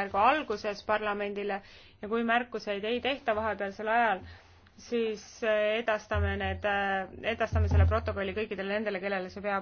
istungjärgu alguses parlamendile ja kui märkuseid ei tehta vahepealsel ajal, siis edastame need, edastame selle protokolli kõikidele nendele, kellele see peab